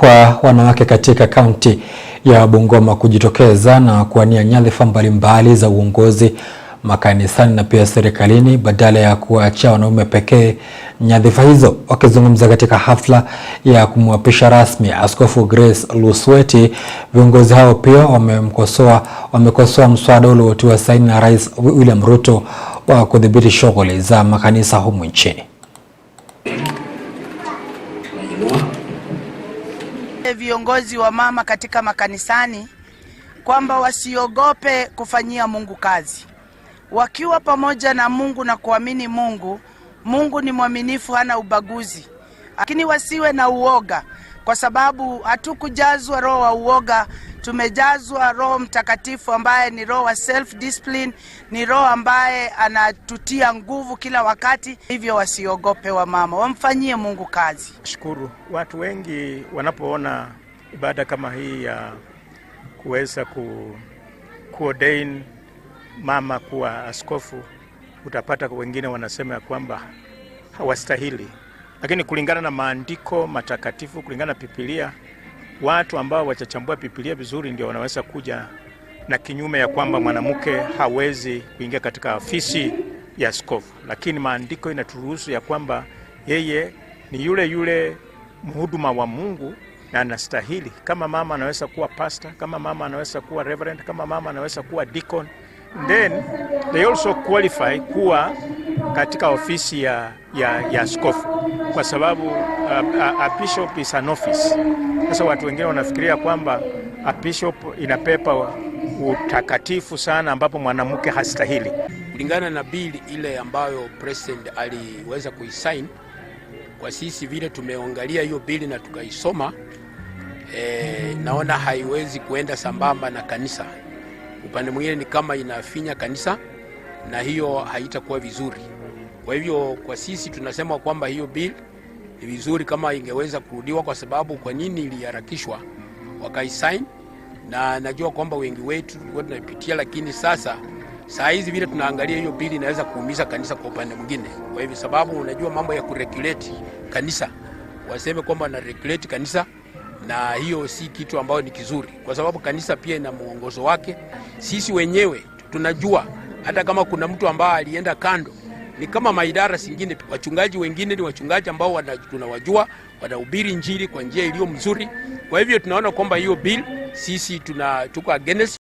kwa wanawake katika kaunti ya Bungoma kujitokeza na kuwania nyadhifa mbalimbali za uongozi makanisani na pia serikalini badala ya kuachia wanaume pekee nyadhifa hizo. Wakizungumza katika hafla ya kumwapisha rasmi Askofu Grace Lusweti, viongozi hao pia wamemkosoa wamekosoa mswada uliotiwa saini na Rais William Ruto wa kudhibiti shughuli za makanisa humu nchini viongozi wa mama katika makanisani kwamba wasiogope kufanyia Mungu kazi. Wakiwa pamoja na Mungu na kuamini Mungu, Mungu ni mwaminifu, hana ubaguzi, lakini wasiwe na uoga kwa sababu hatukujazwa roho wa uoga, tumejazwa Roho Mtakatifu ambaye ni roho wa self discipline, ni roho ambaye anatutia nguvu kila wakati, hivyo wasiogope wa mama, wamfanyie Mungu kazi. Shukuru watu wengi wanapoona ibada kama hii ya kuweza ku, kuordain mama kuwa askofu, utapata wengine wanasema ya kwamba hawastahili. Lakini kulingana na maandiko matakatifu, kulingana na Biblia, watu ambao wachachambua Biblia vizuri ndio wanaweza kuja na kinyume ya kwamba mwanamke hawezi kuingia katika ofisi ya askofu, lakini maandiko inaturuhusu ya kwamba yeye ni yule yule mhuduma wa Mungu na anastahili. Kama mama anaweza kuwa pastor, kama mama anaweza kuwa reverend, kama mama anaweza kuwa deacon, then they also qualify kuwa katika ofisi ya, ya, ya skofu kwa sababu a, uh, a, uh, a bishop is an office. Sasa watu wengine wanafikiria kwamba a bishop inapepa utakatifu sana ambapo mwanamke hastahili. Kulingana na bili ile ambayo president aliweza kuisign, kwa sisi vile tumeangalia hiyo bili na tukaisoma, e, naona haiwezi kuenda sambamba na kanisa. Upande mwingine ni kama inafinya kanisa na hiyo haitakuwa vizuri. Kwa hivyo kwa sisi tunasema kwamba hiyo bill ni vizuri kama ingeweza kurudiwa, kwa sababu kwa nini iliharakishwa wakaisaini, na najua kwamba wengi wetu tulikuwa tunapitia, lakini sasa saa hizi vile tunaangalia hiyo bili inaweza kuumiza kanisa kwa upande mwingine. Kwa hivyo sababu, unajua mambo ya kuregulate kanisa, waseme kwamba na regulate kanisa, na hiyo si kitu ambayo ni kizuri, kwa sababu kanisa pia ina mwongozo wake. Sisi wenyewe tunajua hata kama kuna mtu ambaye alienda kando, ni kama maidara zingine. Wachungaji wengine ni wachungaji ambao tunawajua, wanahubiri njiri kwa njia iliyo mzuri. Kwa hivyo tunaona kwamba hiyo bill sisi tuna tuko against